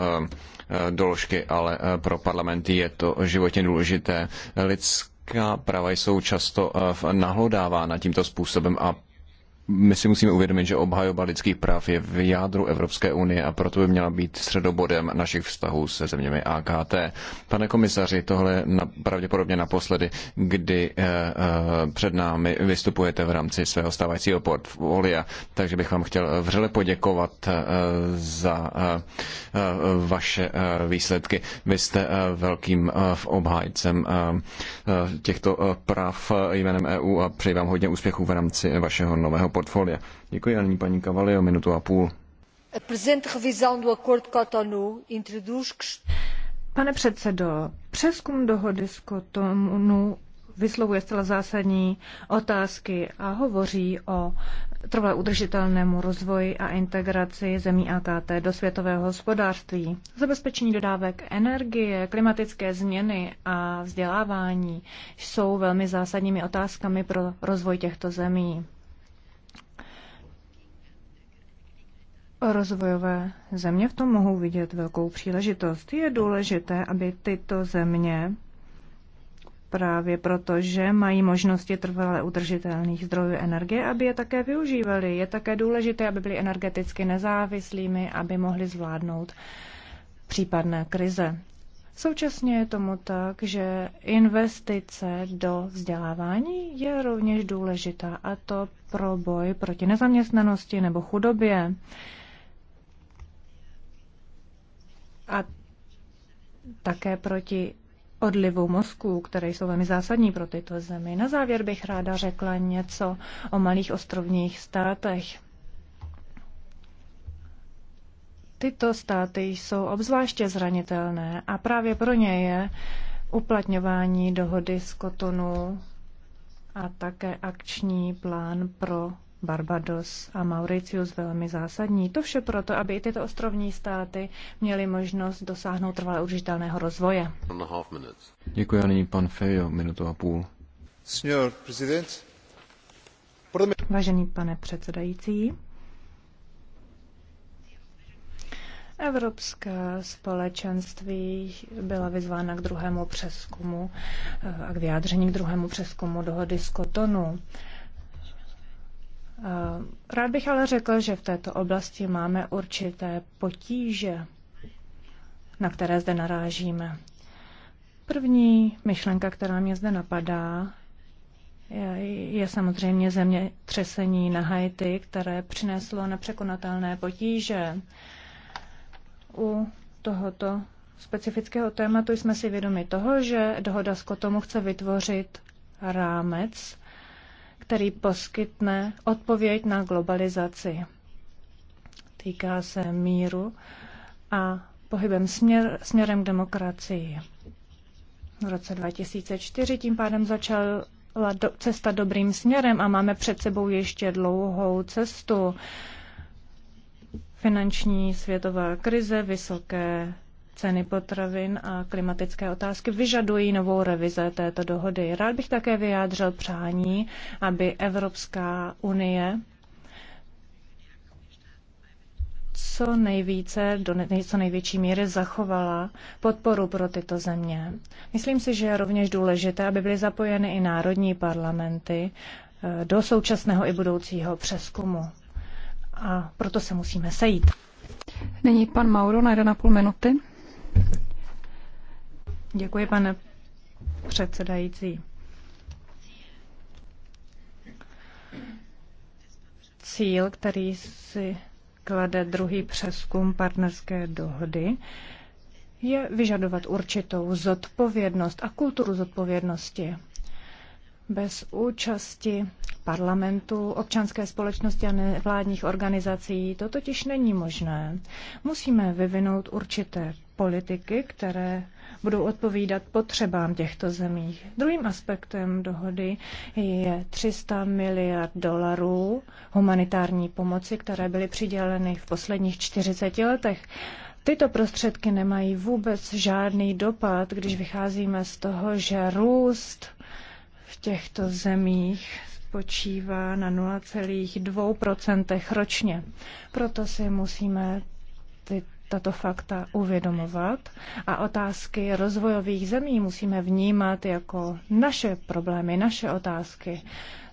Eh, doložky, ale eh, pro parlamenty je to životně důležité. Lidská práva jsou často eh, nahlodávána tímto způsobem a my si musíme uvědomit, že obhajoba lidských práv je v jádru Evropské unie a proto by měla být středobodem našich vztahů se zeměmi AKT. Pane komisaři, tohle je na, pravděpodobně naposledy, kdy eh, eh, před námi vystupujete v rámci svého stávajícího portfolia, takže bych vám chtěl eh, vřele poděkovat eh, za eh, eh, vaše eh, výsledky. Vy jste eh, velkým eh, obhájcem eh, těchto eh, práv jménem EU a přeji vám hodně úspěchů v rámci vašeho nového portfolia. Děkuji a nyní paní Kavalio, minutu a půl. Pane předsedo, přeskum dohody s Kotonu vyslovuje zcela zásadní otázky a hovoří o trvalé udržitelnému rozvoji a integraci zemí AKT do světového hospodářství, zabezpečení dodávek energie, klimatické změny a vzdělávání jsou velmi zásadními otázkami pro rozvoj těchto zemí. Rozvojové země v tom mohou vidět velkou příležitost. Je důležité, aby tyto země právě proto, že mají možnosti trvale udržitelných zdrojů energie, aby je také využívali. Je také důležité, aby byli energeticky nezávislými, aby mohli zvládnout případné krize. Současně je tomu tak, že investice do vzdělávání je rovněž důležitá, a to pro boj proti nezaměstnanosti nebo chudobě. a také proti odlivu mozků, které jsou velmi zásadní pro tyto zemi. Na závěr bych ráda řekla něco o malých ostrovních státech. Tyto státy jsou obzvláště zranitelné a právě pro ně je uplatňování dohody z Kotonu a také akční plán pro Barbados a Mauricius velmi zásadní. To vše proto, aby i tyto ostrovní státy měly možnost dosáhnout trvalé udržitelného rozvoje. Děkuji a nyní pan Fejo, minutu a půl. Vážený pane předsedající, Evropská společenství byla vyzvána k druhému přeskumu eh, a k vyjádření k druhému přeskumu dohody z Kotonu. Eh, rád bych ale řekl, že v této oblasti máme určité potíže, na které zde narážíme. První myšlenka, která mě zde napadá, je samozřejmě zemětřesení na Haiti, které přineslo nepřekonatelné potíže. U tohoto specifického tématu jsme si vědomi toho, že dohoda s Kotomu chce vytvořit rámec který poskytne odpověď na globalizaci. Týká se míru a pohybem směr, směrem k demokracii. V roce 2004 tím pádem začala do, cesta dobrým směrem a máme před sebou ještě dlouhou cestu. Finanční světová krize, vysoké ceny potravin a klimatické otázky vyžadují novou revize této dohody. Rád bych také vyjádřil přání, aby Evropská unie co nejvíce, do co největší míry zachovala podporu pro tyto země. Myslím si, že je rovněž důležité, aby byly zapojeny i národní parlamenty eh, do současného i budoucího přeskumu. A proto se musíme sejít. Nyní pan Mauro na 1,5 minuty. Děkuji, pane předsedající. Cíl, který si klade druhý přeskum partnerské dohody, je vyžadovat určitou zodpovědnost a kulturu zodpovědnosti. Bez účasti parlamentu, občanské společnosti a nevládních organizací to totiž není možné. Musíme vyvinout určité politiky, které budou odpovídat potřebám těchto zemí. Druhým aspektem dohody je 300 miliard dolarů humanitární pomoci, které byly přiděleny v posledních 40 letech. Tyto prostředky nemají vůbec žádný dopad, když vycházíme z toho, že růst v těchto zemích spočívá na 0,2% ročně. Proto si musíme ty tato fakta uvědomovat a otázky rozvojových zemí musíme vnímat jako naše problémy, naše otázky.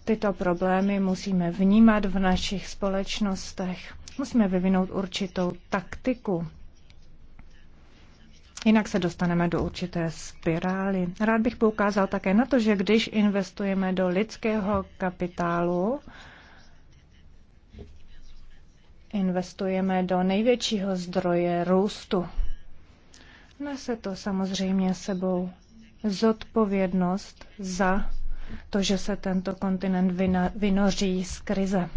Tyto problémy musíme vnímat v našich společnostech. Musíme vyvinout určitou taktiku. Jinak se dostaneme do určité spirály. Rád bych poukázal také na to, že když investujeme do lidského kapitálu, investujeme do největšího zdroje růstu. Nese to samozřejmě sebou zodpovědnost za to, že se tento kontinent vynoří z krize.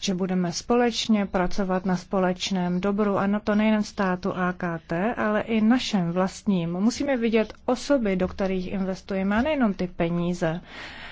Že budeme společně pracovat na společném dobru, a na to nejen státu AKT, ale i našem vlastním. Musíme vidět osoby, do kterých investujeme, a nejenom ty peníze.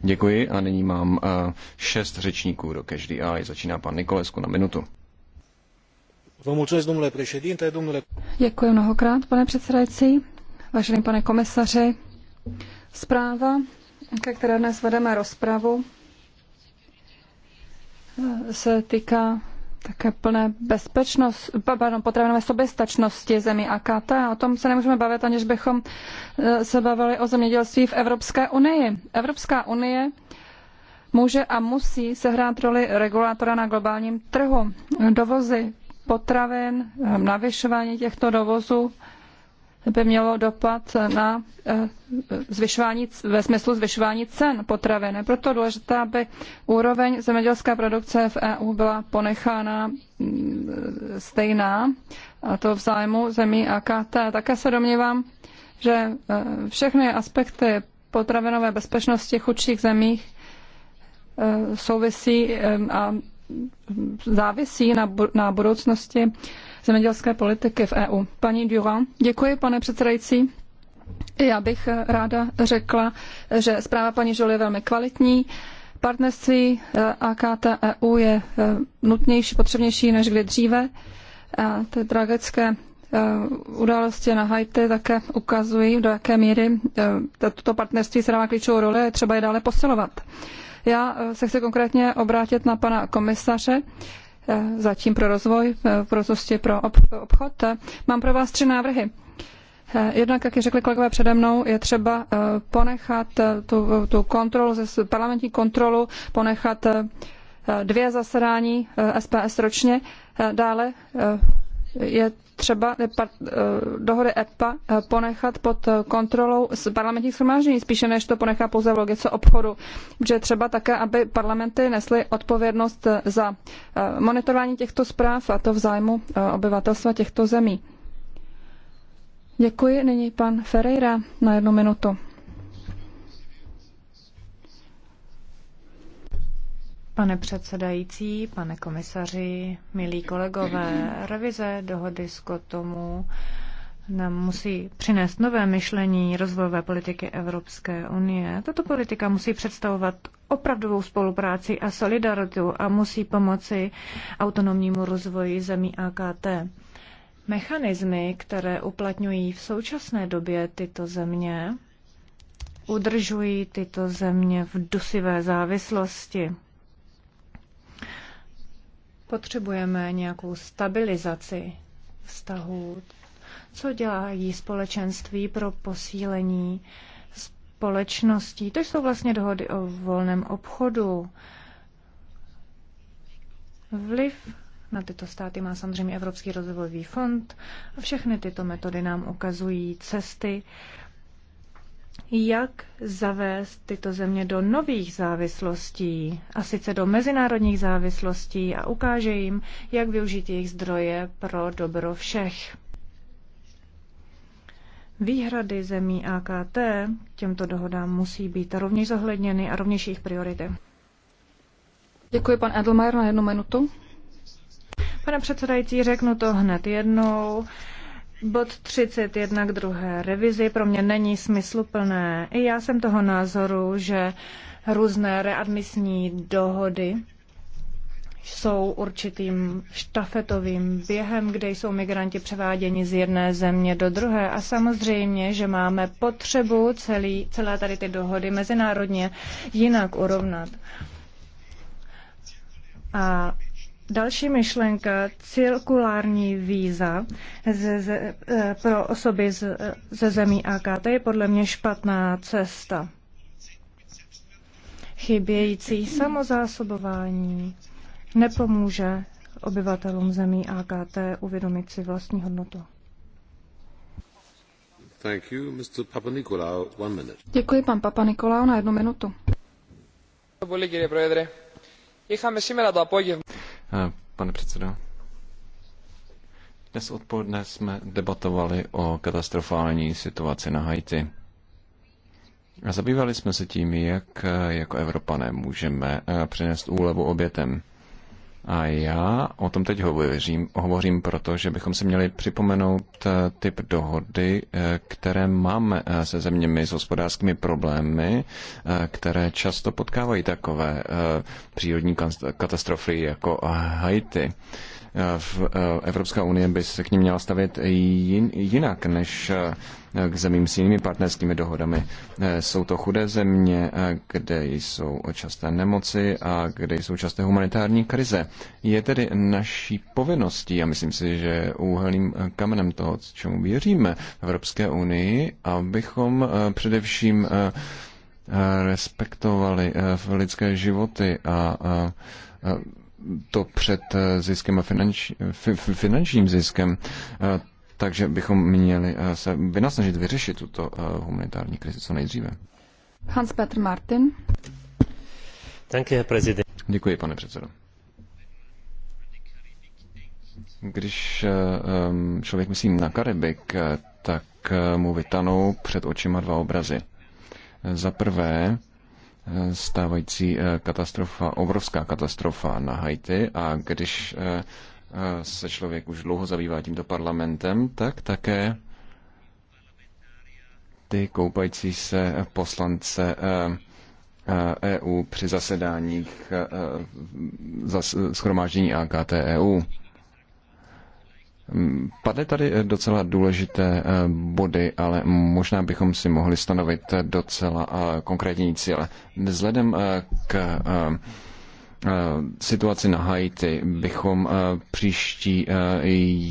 Děkuji a nyní mám eh, šest řečníků do Catch the Začíná pan Nikolesku na minutu. Děkuji mnohokrát, pane předsedající. Vážený pane komisaři, zpráva, ke které dnes vedeme rozpravu, eh, se týká také plné bezpečnost, pardon, potravinové soběstačnosti zemí AKT. O tom se nemůžeme bavit, aniž bychom eh, se bavili o zemědělství v Evropské unii. Evropská unie může a musí sehrát roli regulátora na globálním trhu. Dovozy potravin, eh, navyšování těchto dovozů by mělo dopad na eh, zvyšování, ve smyslu zvyšování cen potravin. Proto důležité, aby úroveň zemědělské produkce v EU byla ponechána mm, stejná, a to v zájmu zemí AKT. Také se domnívám, že eh, všechny aspekty potravinové bezpečnosti chudších zemích eh, souvisí a závisí na budoucnosti zemědělské politiky v EU. Paní Durand, děkuji, pane předsedající. Já bych ráda řekla, že zpráva paní Žoli je velmi kvalitní. Partnerství eh, AKT EU je eh, nutnější, potřebnější než kdy dříve. A ty tragické eh, události na Haiti také ukazují, do jaké míry toto partnerství se dává klíčovou roli a je třeba je dále posilovat. Já se chci konkrétně obrátit na pana komisaře Eh, zatím pro rozvoj, protosti eh, pro obchod. Eh, mám pro vás tři návrhy. Jednak, jak ji řekli kolegové přede mnou, je třeba ponechat tu, tu kontrolu, parlamentní kontrolu, ponechat dvě zasedání SPS ročně. Dále je třeba eh, dohody EPA eh, ponechat pod eh, kontrolou z parlamentních shromáždění, spíše než to ponechá pouze v logice obchodu. Že třeba také, aby parlamenty nesly odpovědnost za monitorování těchto zpráv a to v zájmu obyvatelstva těchto zemí. Děkuji. Nyní pan Ferreira na jednu minutu. Pane předsedající, pane komisaři, milí kolegové, revize dohody s Kotomu nám musí přinést nové myšlení rozvojové politiky Evropské unie. Tato politika musí představovat opravdovou spolupráci a solidaritu a musí pomoci autonomnímu rozvoji zemí AKT. Mechanismy, které uplatňují v současné době tyto země, udržují tyto země v dusivé závislosti. Potřebujeme nějakou stabilizaci vztahu. Co dělají společenství pro posílení společností? To jsou vlastně dohody o volném obchodu. Vliv na tyto státy má samozřejmě Evropský rozvojový fond a všechny tyto metody nám ukazují cesty, jak zavést tyto země do nových závislostí, a sice do mezinárodních závislostí, a ukáže jim, jak využít jejich zdroje pro dobro všech. Výhrady zemí AKT k těmto dohodám musí být rovněž zohledněny a rovněž jejich priority. Děkuji, pan Edelmeier, na jednu minutu. Pane předsedající, řeknu to hned jednou. Bod 31 k druhé revizi pro mě není smysluplné. I já jsem toho názoru, že různé readmisní dohody jsou určitým štafetovým během, kde jsou migranti převáděni z jedné země do druhé. A samozřejmě, že máme potřebu celý, celé tady ty dohody mezinárodně jinak urovnat. A Další myšlenka, cirkulární víza ze, ze, eh, pro osoby z, eh, ze zemí AK. To je podle mě špatná cesta. Chybějící samozásobování nepomůže obyvatelům zemí AKT uvědomit si vlastní hodnotu. Thank you, Mr. Papa Nicolau, one minute. Děkuji, pan Papa Nikolau, na jednu minutu. Eh, pane předsedo, dnes odpoledne jsme debatovali o katastrofální situaci na Haiti. A zabývali jsme se tím, jak eh, jako Evropané můžeme eh, přinést úlevu obětem. A já o tom teď hovořím, hovořím proto, že bychom si měli připomenout eh, typ dohody, eh, které máme eh, se zeměmi s hospodářskými problémy, které často potkávají takové přírodní katastrofy jako Haiti. Eh, v eh, Evropská unie by se k ním měla stavit jinak než eh, k zemím s jinými partnerskými dohodami. Jsou to chudé země, kde jsou časté nemoci a kde jsou časté humanitární krize. Je tedy naší povinností, a myslím si, že úhelným kamenem toho, čemu věříme v Evropské unii, abychom především respektovali lidské životy a to před eh, ziskem a finanč, finančním ziskem. Eh, takže bychom měli eh, se vynasnažit vyřešit tuto humanitární krizi co nejdříve. Hans-Peter Martin. Děkuji, pane předsedo. Když člověk myslí na Karibik, tak mu vytanou před očima dva obrazy. Za prvé, stávající eh, katastrofa, obrovská katastrofa na Haiti a když eh, eh, se člověk už dlouho zabývá tímto parlamentem, tak také ty koupající se poslance EU e při zasedáních schromáždění AKT EU. Padly tady docela důležité eh, body, ale možná bychom si mohli stanovit eh, docela eh, konkrétní cíle. Vzhledem k situaci na Haiti bychom příští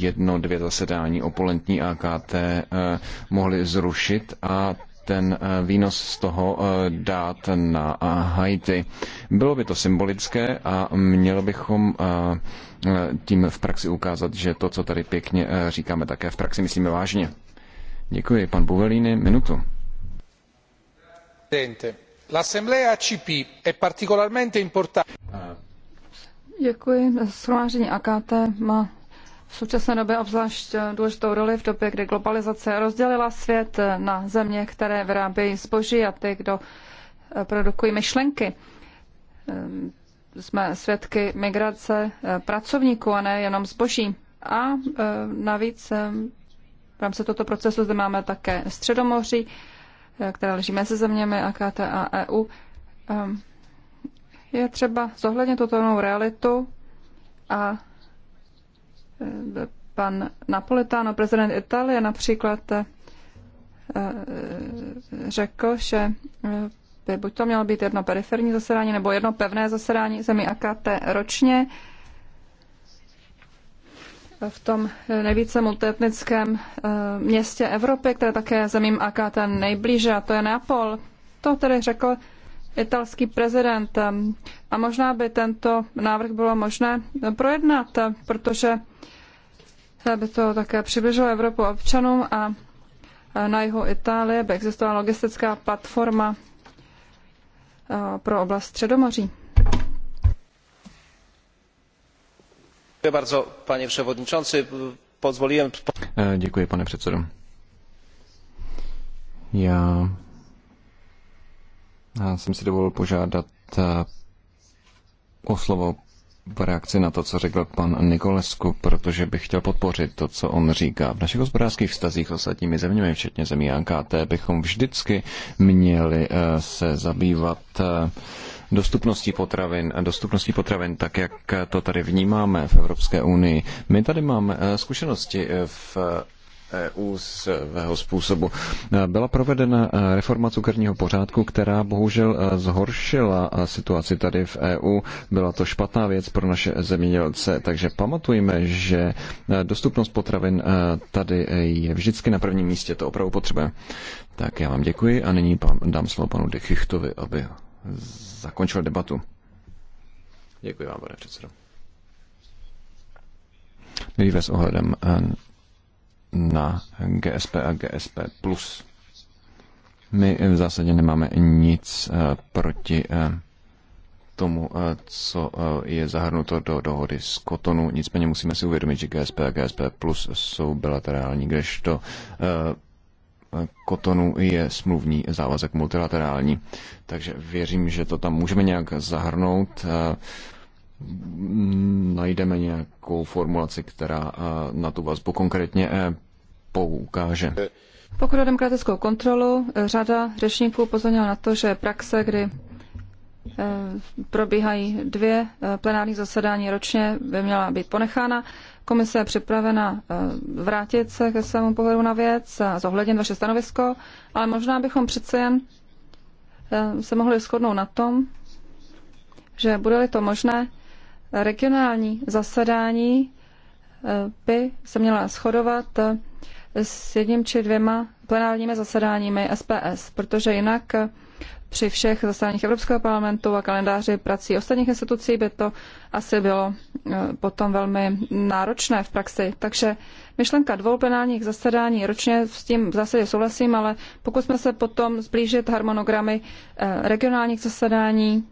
jedno, dvě zasedání opulentní AKT mohli zrušit a ten eh, výnos z toho eh, dát na eh, Haiti. Bylo by to symbolické a mělo bychom tím v praxi ukázat, že to, co tady pěkně říkáme, také v praxi myslíme vážně. Děkuji, pan Buvelíny, minutu. L'Assemblea ACP è particolarmente importante. Děkuji. Shromáždění AKT má v současné době obzvlášť důležitou roli v době, kdy globalizace rozdělila svět na země, které vyrábějí zboží a ty, kdo eh, produkují myšlenky. Ehm, jsme svědky migrace eh, pracovníků a ne jenom zboží. A eh, navíc ehm, v rámci tohoto procesu zde máme také Středomoří, které leží mezi zeměmi AKT a EU. Ehm, je třeba zohlednit tuto novou realitu a Eh, pan Napolitano, prezident Itálie například, eh, eh, řekl, že by buď to mělo být jedno periferní zasedání nebo jedno pevné zasedání zemí AKT ročně v tom nejvíce multietnickém městě Evropy, které také je zemím AKT nejblíže, a to je Neapol. To tedy řekl italský prezident. A možná by tento návrh bylo možné projednat, protože by to také přibližilo Evropu občanům a na jihu Itálie by existovala logistická platforma eh, pro oblast Středomoří. Děkuji bardzo, pane předsedající. Pozvolím... Eh, Děkuji, pane předsedo. Já já jsem si dovolil požádat eh, o slovo v reakci na to, co řekl pan Nikolesku, protože bych chtěl podpořit to, co on říká. V našich hospodářských vztazích s ostatními zeměmi, včetně zemí AKT, bychom vždycky měli eh, se zabývat eh, dostupností potravin, dostupností potravin tak, jak to tady vnímáme v Evropské unii. My tady máme zkušenosti v EU svého způsobu. E, Byla provedena e, reforma cukerního pořádku, která bohužel e, zhoršila situaci tady v EU. Byla to špatná věc pro naše zemědělce, takže pamatujme, že dostupnost potravin tady je vždycky na prvním místě, to opravdu potřebujeme. Tak já vám děkuji a nyní dám slovo panu Dechichtovi, aby zakončil debatu. Děkuji vám, pane předsedo. Nejdříve s ohledem na GSP a GSP+. My v zásadě nemáme nic eh, proti eh, tomu, eh, co je zahrnuto do dohody z Kotonu. Nicméně musíme si uvědomit, že GSP a GSP Plus jsou bilaterální, kdežto Kotonu je smluvní závazek multilaterální. Takže věřím, že to tam můžeme nějak zahrnout najdeme nějakou formulaci, která eh, na tu vazbu konkrétně eh, poukáže. Pokud o demokratickou kontrolu, eh, řada řečníků upozornila na to, že praxe, kdy probíhají dvě plenární zasedání ročně, by měla být ponechána. Komise je připravena vrátit se ke svému pohledu na věc a zohlednit vaše stanovisko, ale možná bychom přece jen se mohli shodnout na tom, že bude-li to možné, regionální zasedání eh, by se měla shodovat eh, s jedním či dvěma plenárními zasedáními SPS, protože jinak eh, při všech zasedáních Evropského parlamentu a kalendáři prací ostatních institucí by to asi bylo potom velmi náročné v praxi. Takže myšlenka dvou plenárních zasedání ročně s tím v zásadě souhlasím, ale pokud jsme se potom zblížit harmonogramy regionálních zasedání,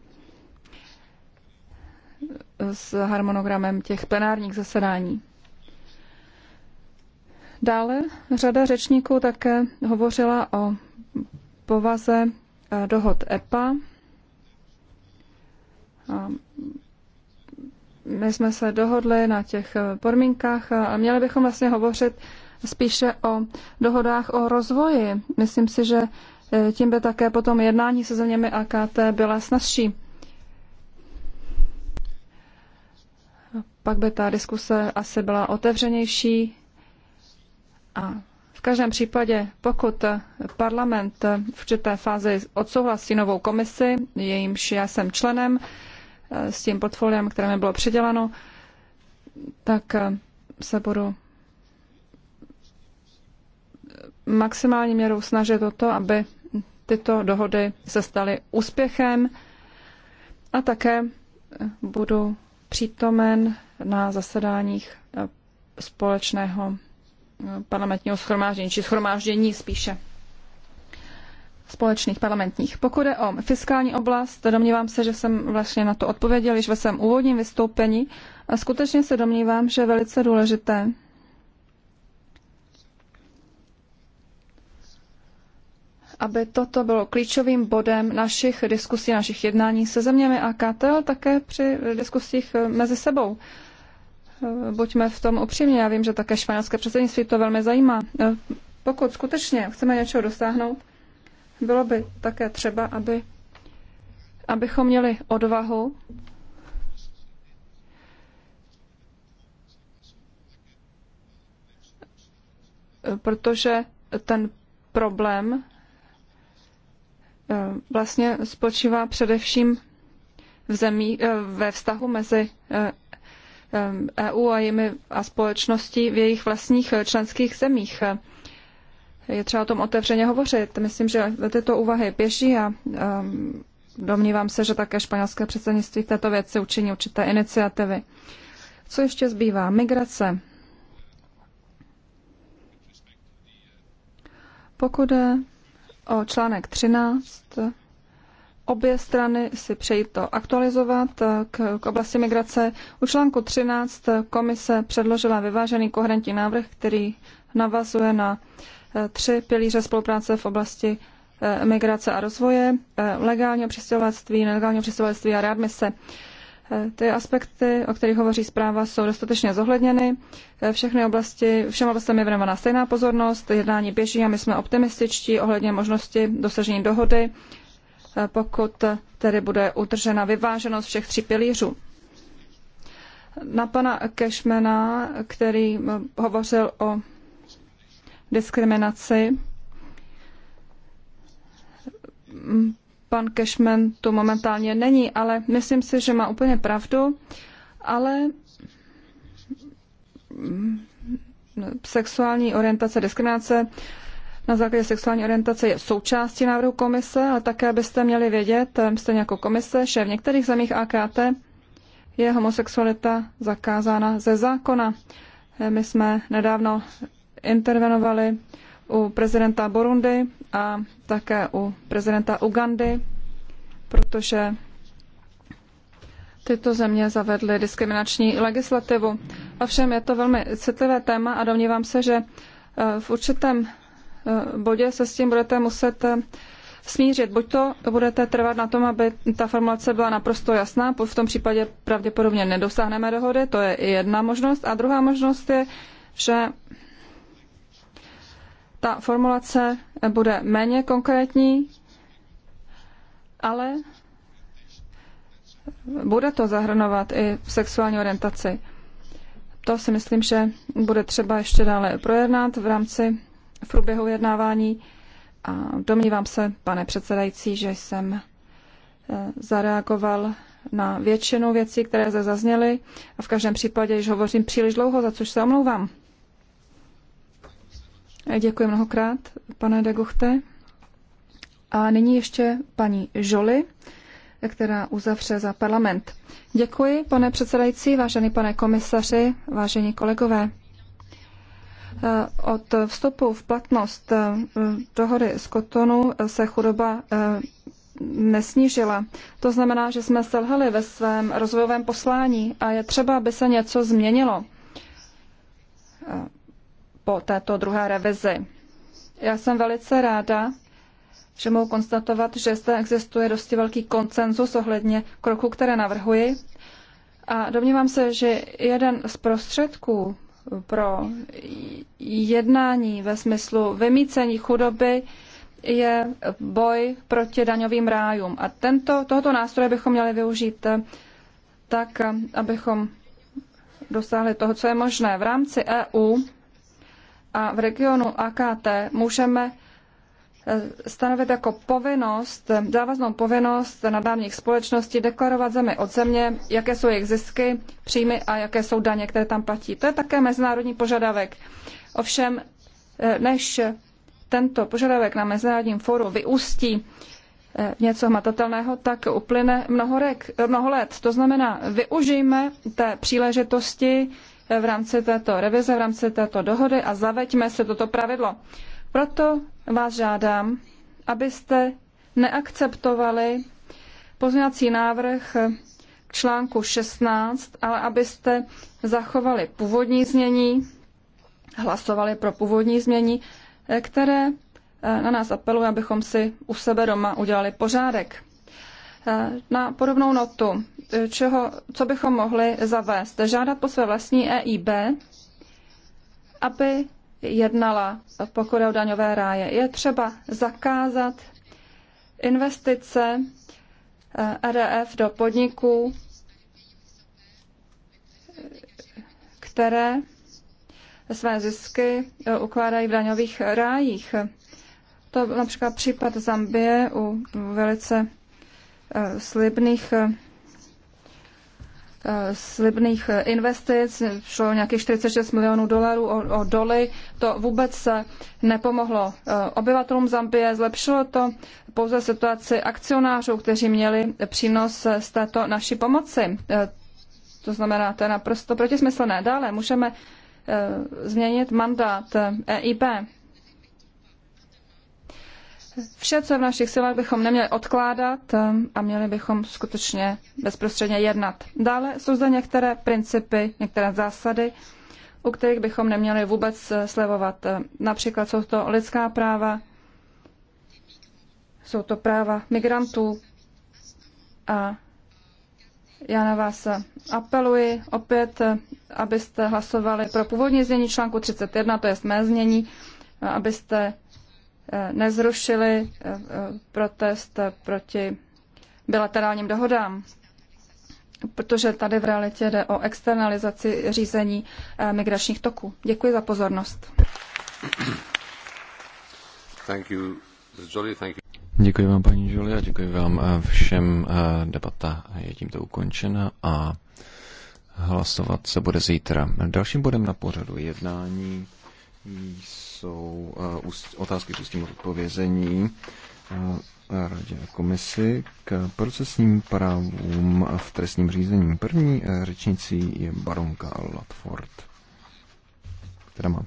s harmonogramem těch plenárních zasedání. Dále řada řečníků také hovořila o povaze eh, dohod EPA. My jsme se dohodli na těch eh, podmínkách a měli bychom vlastně hovořit spíše o dohodách o rozvoji. Myslím si, že eh, tím by také potom jednání se zeměmi AKT byla snazší. pak by ta diskuse asi byla otevřenější. A v každém případě, pokud parlament v určité fázi odsouhlasí novou komisi, jejímž já jsem členem, eh, s tím portfoliem, které mi bylo přiděleno, tak eh, se budu maximální měrou snažit o to, aby tyto dohody se staly úspěchem a také budu přítomen na zasedáních eh, společného eh, parlamentního schromáždění, či schromáždění spíše společných parlamentních. Pokud je o fiskální oblast, domnívám se, že jsem vlastně na to odpověděl již ve svém úvodním vystoupení. A skutečně se domnívám, že je velice důležité, aby toto bylo klíčovým bodem našich diskusí, našich jednání se zeměmi a KTL také při diskusích eh, mezi sebou. Eh, buďme v tom upřímně, já vím, že také španělské předsednictví to velmi zajímá. Eh, pokud skutečně chceme něčeho dosáhnout, bylo by také třeba, aby, abychom měli odvahu protože ten problém Eh, vlastně spočívá především v zemí, eh, ve vztahu mezi EU eh, e a jimi a společností v jejich vlastních členských zemích. Je třeba o tom otevřeně hovořit. Myslím, že tyto úvahy pěší a domnívám se, že také španělské předsednictví v této věci učiní určité iniciativy. Co ještě zbývá? Migrace. Pokud o článek 13. Obě strany si přejí to aktualizovat k, k oblasti migrace. U článku 13 komise předložila vyvážený koherentní návrh, který navazuje na eh, tři pilíře spolupráce v oblasti eh, migrace a rozvoje, eh, legálního přistěhovalství, nelegálního přistěhovalství a readmise. se. Ty aspekty, o kterých hovoří zpráva, jsou dostatečně zohledněny. Všechny oblasti, všem oblastem je věnovaná stejná pozornost, jednání běží a my jsme optimističtí ohledně možnosti dosažení dohody, pokud tedy bude utržena vyváženost všech tří pilířů. Na pana Kešmena, který hovořil o diskriminaci, pan Cashman tu momentálně není, ale myslím si, že má úplně pravdu, ale mm, sexuální orientace, diskriminace na základě sexuální orientace je součástí návrhu komise, ale také byste měli vědět, jste jako komise, že v některých zemích AKT je homosexualita zakázána ze zákona. My jsme nedávno intervenovali u prezidenta Burundi a také u prezidenta Ugandy, protože tyto země zavedly diskriminační legislativu. Ovšem je to velmi citlivé téma a domnívám se, že eh, v určitém eh, bodě se s tím budete muset eh, smířit. Buď to budete trvat na tom, aby ta formulace byla naprosto jasná, v tom případě pravděpodobně nedosáhneme dohody, to je jedna možnost. A druhá možnost je, že ta formulace bude méně konkrétní, ale bude to zahrnovat i sexuální orientaci. To si myslím, že bude třeba ještě dále projednat v rámci v průběhu jednávání. A domnívám se, pane předsedající, že jsem eh, zareagoval na většinu věcí, které zde zazněly a v každém případě již hovořím příliš dlouho, za což se omlouvám. Děkuji mnohokrát, pane Deguchte. A nyní ještě paní Žoli, která uzavře za parlament. Děkuji, pane předsedající, vážený pane komisaři, vážení kolegové. Eh, od vstupu v platnost eh, dohody z Kotonu se chudoba eh, nesnížila. To znamená, že jsme selhali ve svém rozvojovém poslání a je třeba, aby se něco změnilo po této druhé revizi. Já jsem velice ráda, že mohu konstatovat, že zde existuje dosti velký koncenzus ohledně kroku, které navrhuji. A domnívám se, že jeden z prostředků pro jednání ve smyslu vymícení chudoby je boj proti daňovým rájům. A tento, tohoto nástroje bychom měli využít tak, abychom dosáhli toho, co je možné. V rámci EU a v regionu AKT můžeme eh, stanovit jako povinnost, závaznou povinnost nadnárodních společností deklarovat zemi od země, jaké jsou jejich zisky, příjmy a jaké jsou daně, které tam platí. To je také mezinárodní požadavek. Ovšem, eh, než tento požadavek na mezinárodním fóru vyústí eh, něco hmatatelného, tak uplyne mnoho, rek, mnoho let. To znamená, využijme té příležitosti, v rámci této revize, v rámci této dohody a zaveďme se toto pravidlo. Proto vás žádám, abyste neakceptovali pozměňovací návrh k článku 16, ale abyste zachovali původní změní, hlasovali pro původní změní, které eh, na nás apeluje, abychom si u sebe doma udělali pořádek. Eh, na podobnou notu čeho, co bychom mohli zavést. Žádat po své vlastní EIB, aby jednala, pokud je o daňové ráje. Je třeba zakázat investice eh, RDF do podniků, které své zisky eh, ukládají v daňových rájích. To například případ Zambie u velice eh, slibných Eh, slibných eh, investic, šlo nějakých 46 milionů dolarů o, o doly. To vůbec se nepomohlo eh, obyvatelům Zambie, zlepšilo to pouze situaci akcionářů, kteří měli přínos z této naší pomoci. To znamená, to je naprosto protismyslné. Dále můžeme změnit mandát EIB. E Vše, co v našich silách, bychom neměli odkládat um, a měli bychom skutečně bezprostředně jednat. Dále jsou zde některé principy, některé zásady, u kterých bychom neměli vůbec eh, slevovat. Eh, například jsou to lidská práva, jsou to práva migrantů a já na vás eh, apeluji opět, abyste hlasovali pro původní znění článku 31, to je mé znění, abyste Eh, nezrušili eh, eh, protest proti bilaterálním dohodám, protože tady v realitě jde o externalizaci řízení migračních toků. Děkuji za pozornost. Thank you. thank you. Děkuji vám, paní Jolie, a děkuji vám všem. Debata je tímto ukončena a hlasovat se bude zítra. Dalším bodem na pořadu jednání jsou eh, otázky s tím odpovězení eh, radě a komisi k procesním právům v trestním řízení. První eh, řečnicí je baronka Latford, která má